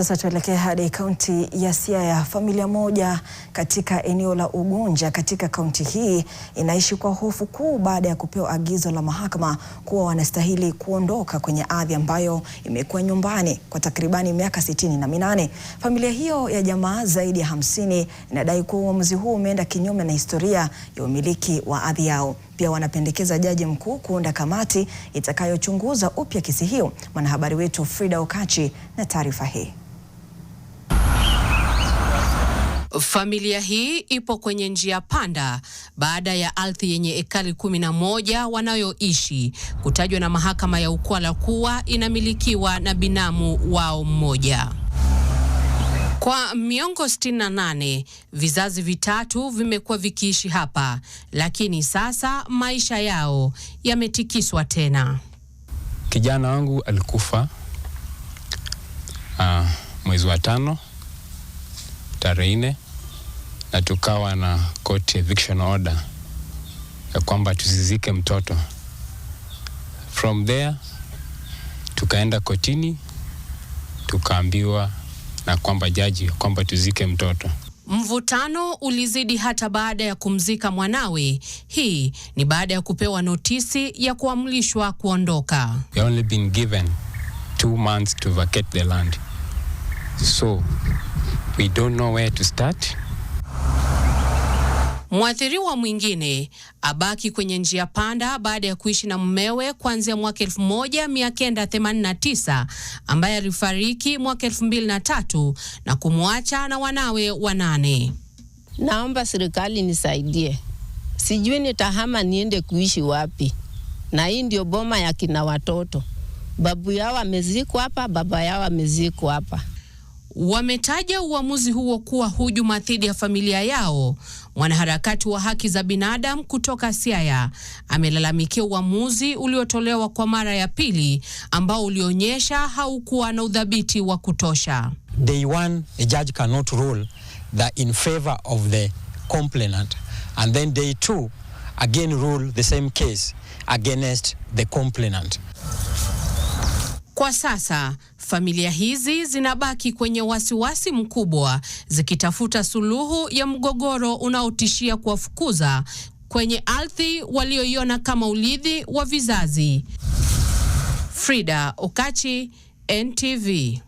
Sasa tuelekee hadi kaunti ya Siaya. Familia moja katika eneo la Ugunja katika kaunti hii inaishi kwa hofu kuu baada ya kupewa agizo la mahakama kuwa wanastahili kuondoka kwenye ardhi ambayo imekuwa nyumbani kwa takribani miaka sitini na minane. Familia hiyo ya jamaa zaidi ya hamsini inadai kuwa uamuzi huu umeenda kinyume na historia ya umiliki wa ardhi yao. Pia wanapendekeza jaji mkuu kuunda kamati itakayochunguza upya kesi hiyo. Mwanahabari wetu Frida Okachi na taarifa hii. Familia hii ipo kwenye njia panda baada ya ardhi yenye ekari kumi na moja wanayoishi kutajwa na mahakama ya Ukwala kuwa inamilikiwa na binamu wao mmoja. Kwa miongo 68 vizazi vitatu vimekuwa vikiishi hapa, lakini sasa maisha yao yametikiswa tena. Kijana wangu alikufa uh, mwezi wa tano tarehe nne na tukawa na court eviction order ya kwamba tusizike mtoto. From there tukaenda kotini tukaambiwa na kwamba jaji kwamba tuzike mtoto. Mvutano ulizidi hata baada ya kumzika mwanawe. Hii ni baada ya kupewa notisi ya kuamrishwa kuondoka. We only been given two months to vacate the land so we don't know where to start. Mwathiriwa mwingine abaki kwenye njia panda baada ya kuishi na mmewe kuanzia mwaka 1989 ambaye alifariki mwaka tatu na kumwacha na wanawe wanane. Naomba serikali nisaidie, sijui nitahama niende kuishi wapi, na hii ndio boma ya kina watoto. Babu yao amezikwa hapa, baba yao amezikwa hapa wametaja uamuzi huo kuwa hujuma dhidi ya familia yao. Mwanaharakati wa haki za binadamu kutoka Siaya amelalamikia uamuzi uliotolewa kwa mara ya pili ambao ulionyesha haukuwa na udhabiti wa kutosha. Day one, a judge cannot rule that in favor of the complainant and then day two again rule the same case against the complainant. Kwa sasa familia hizi zinabaki kwenye wasiwasi mkubwa zikitafuta suluhu ya mgogoro unaotishia kuwafukuza kwenye ardhi walioiona kama urithi wa vizazi. Frida Okachi, NTV.